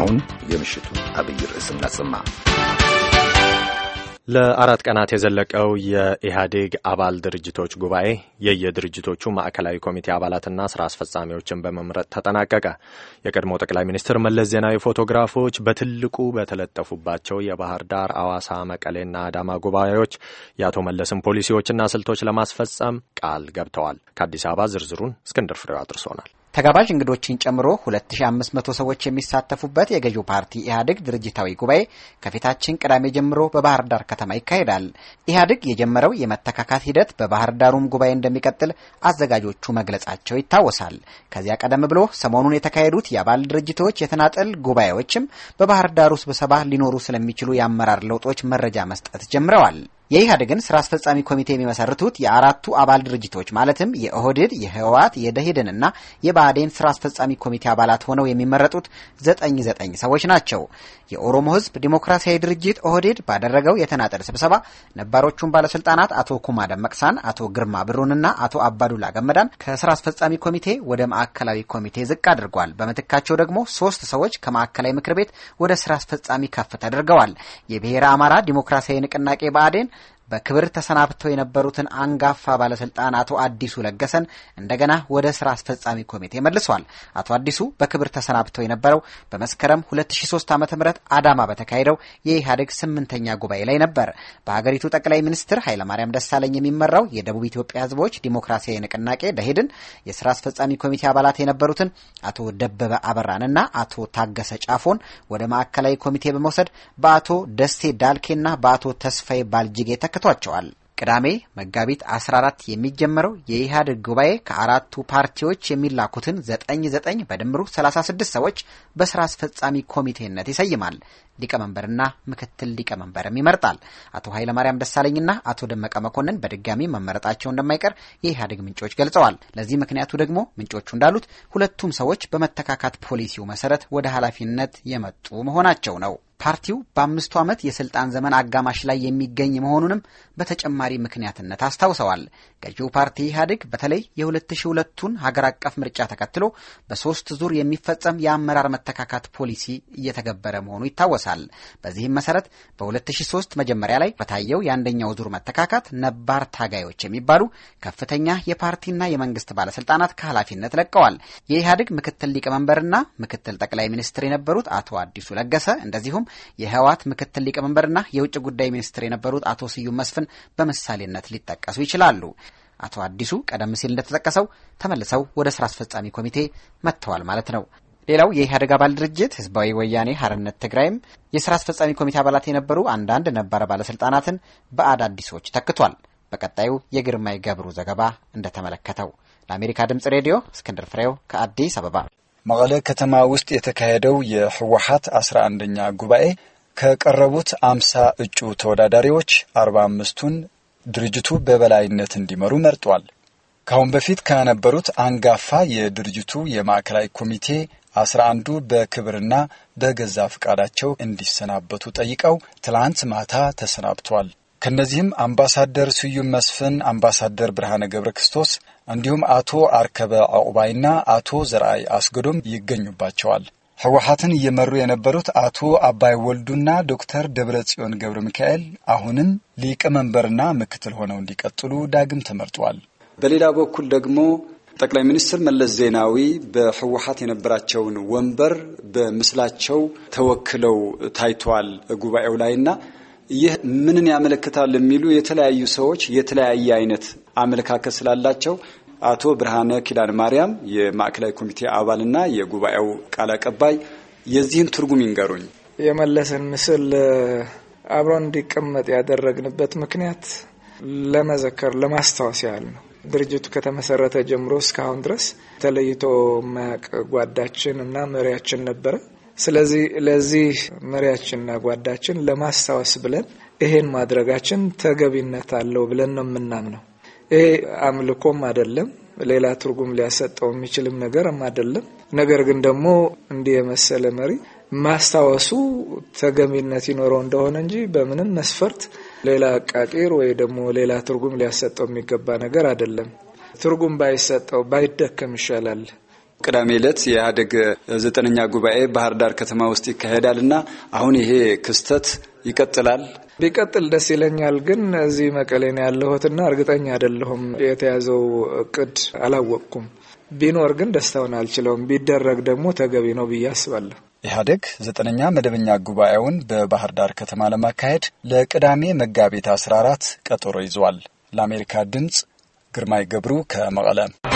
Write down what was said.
አሁን የምሽቱ አብይ ርዕስ እናሰማ። ለአራት ቀናት የዘለቀው የኢህአዴግ አባል ድርጅቶች ጉባኤ የየድርጅቶቹ ማዕከላዊ ኮሚቴ አባላትና ስራ አስፈጻሚዎችን በመምረጥ ተጠናቀቀ። የቀድሞ ጠቅላይ ሚኒስትር መለስ ዜናዊ ፎቶግራፎች በትልቁ በተለጠፉባቸው የባህር ዳር፣ አዋሳ፣ መቀሌና አዳማ ጉባኤዎች የአቶ መለስን ፖሊሲዎችና ስልቶች ለማስፈጸም ቃል ገብተዋል። ከአዲስ አበባ ዝርዝሩን እስክንድር ፍሬው አድርሶናል። ተጋባዥ እንግዶችን ጨምሮ 2500 ሰዎች የሚሳተፉበት የገዢው ፓርቲ ኢህአዴግ ድርጅታዊ ጉባኤ ከፊታችን ቅዳሜ ጀምሮ በባህር ዳር ከተማ ይካሄዳል። ኢህአዴግ የጀመረው የመተካካት ሂደት በባህር ዳሩም ጉባኤ እንደሚቀጥል አዘጋጆቹ መግለጻቸው ይታወሳል። ከዚያ ቀደም ብሎ ሰሞኑን የተካሄዱት የአባል ድርጅቶች የተናጠል ጉባኤዎችም በባህር ዳሩ ስብሰባ ሊኖሩ ስለሚችሉ የአመራር ለውጦች መረጃ መስጠት ጀምረዋል። የኢህአዴግን ስራ አስፈጻሚ ኮሚቴ የሚመሰርቱት የአራቱ አባል ድርጅቶች ማለትም የኦህዴድ፣ የህወሓት፣ የደኢህዴንና የባህዴን ስራ አስፈጻሚ ኮሚቴ አባላት ሆነው የሚመረጡት ዘጠኝ ዘጠኝ ሰዎች ናቸው። የኦሮሞ ህዝብ ዲሞክራሲያዊ ድርጅት ኦህዴድ ባደረገው የተናጠል ስብሰባ ነባሮቹን ባለስልጣናት አቶ ኩማ ደመቅሳን፣ አቶ ግርማ ብሩንና አቶ አባዱላ ገመዳን ከስራ አስፈጻሚ ኮሚቴ ወደ ማዕከላዊ ኮሚቴ ዝቅ አድርጓል። በምትካቸው ደግሞ ሶስት ሰዎች ከማዕከላዊ ምክር ቤት ወደ ስራ አስፈጻሚ ከፍ ተደርገዋል። የብሔረ አማራ ዲሞክራሲያዊ ንቅናቄ ብአዴን በክብር ተሰናብተው የነበሩትን አንጋፋ ባለስልጣን አቶ አዲሱ ለገሰን እንደገና ወደ ስራ አስፈጻሚ ኮሚቴ መልሰዋል። አቶ አዲሱ በክብር ተሰናብተው የነበረው በመስከረም 2003 ዓ ም አዳማ በተካሄደው የኢህአዴግ ስምንተኛ ጉባኤ ላይ ነበር። በሀገሪቱ ጠቅላይ ሚኒስትር ኃይለማርያም ደሳለኝ የሚመራው የደቡብ ኢትዮጵያ ህዝቦች ዲሞክራሲያዊ ንቅናቄ ደኢህዴን የስራ አስፈጻሚ ኮሚቴ አባላት የነበሩትን አቶ ደበበ አበራንና አቶ ታገሰ ጫፎን ወደ ማዕከላዊ ኮሚቴ በመውሰድ በአቶ ደሴ ዳልኬና በአቶ ተስፋዬ ባልጅጌ ተክ አስመልክቷቸዋል። ቅዳሜ መጋቢት 14 የሚጀመረው የኢህአዴግ ጉባኤ ከአራቱ ፓርቲዎች የሚላኩትን ዘጠኝ ዘጠኝ በድምሩ 36 ሰዎች በስራ አስፈጻሚ ኮሚቴነት ይሰይማል። ሊቀመንበርና ምክትል ሊቀመንበርም ይመርጣል። አቶ ኃይለማርያም ደሳለኝና አቶ ደመቀ መኮንን በድጋሚ መመረጣቸው እንደማይቀር የኢህአዴግ ምንጮች ገልጸዋል። ለዚህ ምክንያቱ ደግሞ ምንጮቹ እንዳሉት ሁለቱም ሰዎች በመተካካት ፖሊሲው መሰረት ወደ ኃላፊነት የመጡ መሆናቸው ነው። ፓርቲው በአምስቱ ዓመት የስልጣን ዘመን አጋማሽ ላይ የሚገኝ መሆኑንም በተጨማሪ ምክንያትነት አስታውሰዋል። ገዢው ፓርቲ ኢህአዴግ በተለይ የ2002ቱን ሀገር አቀፍ ምርጫ ተከትሎ በሶስት ዙር የሚፈጸም የአመራር መተካካት ፖሊሲ እየተገበረ መሆኑ ይታወሳል። በዚህም መሰረት በ2003 መጀመሪያ ላይ በታየው የአንደኛው ዙር መተካካት ነባር ታጋዮች የሚባሉ ከፍተኛ የፓርቲና የመንግስት ባለስልጣናት ከኃላፊነት ለቀዋል። የኢህአዴግ ምክትል ሊቀመንበርና ምክትል ጠቅላይ ሚኒስትር የነበሩት አቶ አዲሱ ለገሰ እንደዚሁም የህወሓት ምክትል ሊቀመንበርና የውጭ ጉዳይ ሚኒስትር የነበሩት አቶ ስዩም መስፍን በምሳሌነት ሊጠቀሱ ይችላሉ። አቶ አዲሱ ቀደም ሲል እንደተጠቀሰው ተመልሰው ወደ ስራ አስፈጻሚ ኮሚቴ መጥተዋል ማለት ነው። ሌላው የኢህአዴግ አባል ድርጅት ህዝባዊ ወያኔ ሀርነት ትግራይም የስራ አስፈጻሚ ኮሚቴ አባላት የነበሩ አንዳንድ ነባረ ባለስልጣናትን በአዳዲሶች ተክቷል። በቀጣዩ የግርማይ ገብሩ ዘገባ እንደተመለከተው ለአሜሪካ ድምጽ ሬዲዮ እስክንድር ፍሬው ከአዲስ አበባ መቀለ ከተማ ውስጥ የተካሄደው የህወሀት አስራ አንደኛ ጉባኤ ከቀረቡት አምሳ እጩ ተወዳዳሪዎች አርባ አምስቱን ድርጅቱ በበላይነት እንዲመሩ መርጧል። ከአሁን በፊት ከነበሩት አንጋፋ የድርጅቱ የማዕከላዊ ኮሚቴ አስራ አንዱ በክብርና በገዛ ፈቃዳቸው እንዲሰናበቱ ጠይቀው ትላንት ማታ ተሰናብቷል። ከእነዚህም አምባሳደር ስዩም መስፍን፣ አምባሳደር ብርሃነ ገብረ ክርስቶስ እንዲሁም አቶ አርከበ አቁባይና አቶ ዘርአይ አስገዶም ይገኙባቸዋል። ህወሀትን እየመሩ የነበሩት አቶ አባይ ወልዱና ዶክተር ደብረ ጽዮን ገብረ ሚካኤል አሁንም ሊቀመንበርና ምክትል ሆነው እንዲቀጥሉ ዳግም ተመርጧል። በሌላ በኩል ደግሞ ጠቅላይ ሚኒስትር መለስ ዜናዊ በህወሀት የነበራቸውን ወንበር በምስላቸው ተወክለው ታይተዋል ጉባኤው ላይና ይህ ምንን ያመለክታል የሚሉ የተለያዩ ሰዎች የተለያየ አይነት አመለካከት ስላላቸው አቶ ብርሃነ ኪዳን ማርያም የማዕከላዊ ኮሚቴ አባልና የጉባኤው ቃል አቀባይ የዚህን ትርጉም ይንገሩኝ። የመለስን ምስል አብሮ እንዲቀመጥ ያደረግንበት ምክንያት ለመዘከር ለማስታወስ ያህል ነው። ድርጅቱ ከተመሰረተ ጀምሮ እስካሁን ድረስ ተለይቶ ማያቅ ጓዳችን እና መሪያችን ነበረ። ስለዚህ ለዚህ መሪያችንና ጓዳችን ለማስታወስ ብለን ይሄን ማድረጋችን ተገቢነት አለው ብለን ነው የምናምነው። ይሄ አምልኮም አይደለም፣ ሌላ ትርጉም ሊያሰጠው የሚችልም ነገርም አይደለም። ነገር ግን ደግሞ እንዲህ የመሰለ መሪ ማስታወሱ ተገቢነት ይኖረው እንደሆነ እንጂ በምንም መስፈርት ሌላ አቃቂር ወይ ደግሞ ሌላ ትርጉም ሊያሰጠው የሚገባ ነገር አይደለም። ትርጉም ባይሰጠው ባይደከም ይሻላል። ቅዳሜ ዕለት የኢህአዴግ ዘጠነኛ ጉባኤ ባህር ዳር ከተማ ውስጥ ይካሄዳል እና አሁን ይሄ ክስተት ይቀጥላል ቢቀጥል ደስ ይለኛል። ግን እዚህ መቀሌን ያለሁትና እርግጠኛ አይደለሁም። የተያዘው እቅድ አላወቅኩም። ቢኖር ግን ደስታውን አልችለውም። ቢደረግ ደግሞ ተገቢ ነው ብዬ አስባለሁ። ኢህአዴግ ዘጠነኛ መደበኛ ጉባኤውን በባህር ዳር ከተማ ለማካሄድ ለቅዳሜ መጋቢት 14 ቀጠሮ ይዟል። ለአሜሪካ ድምፅ ግርማይ ገብሩ ከመቀለ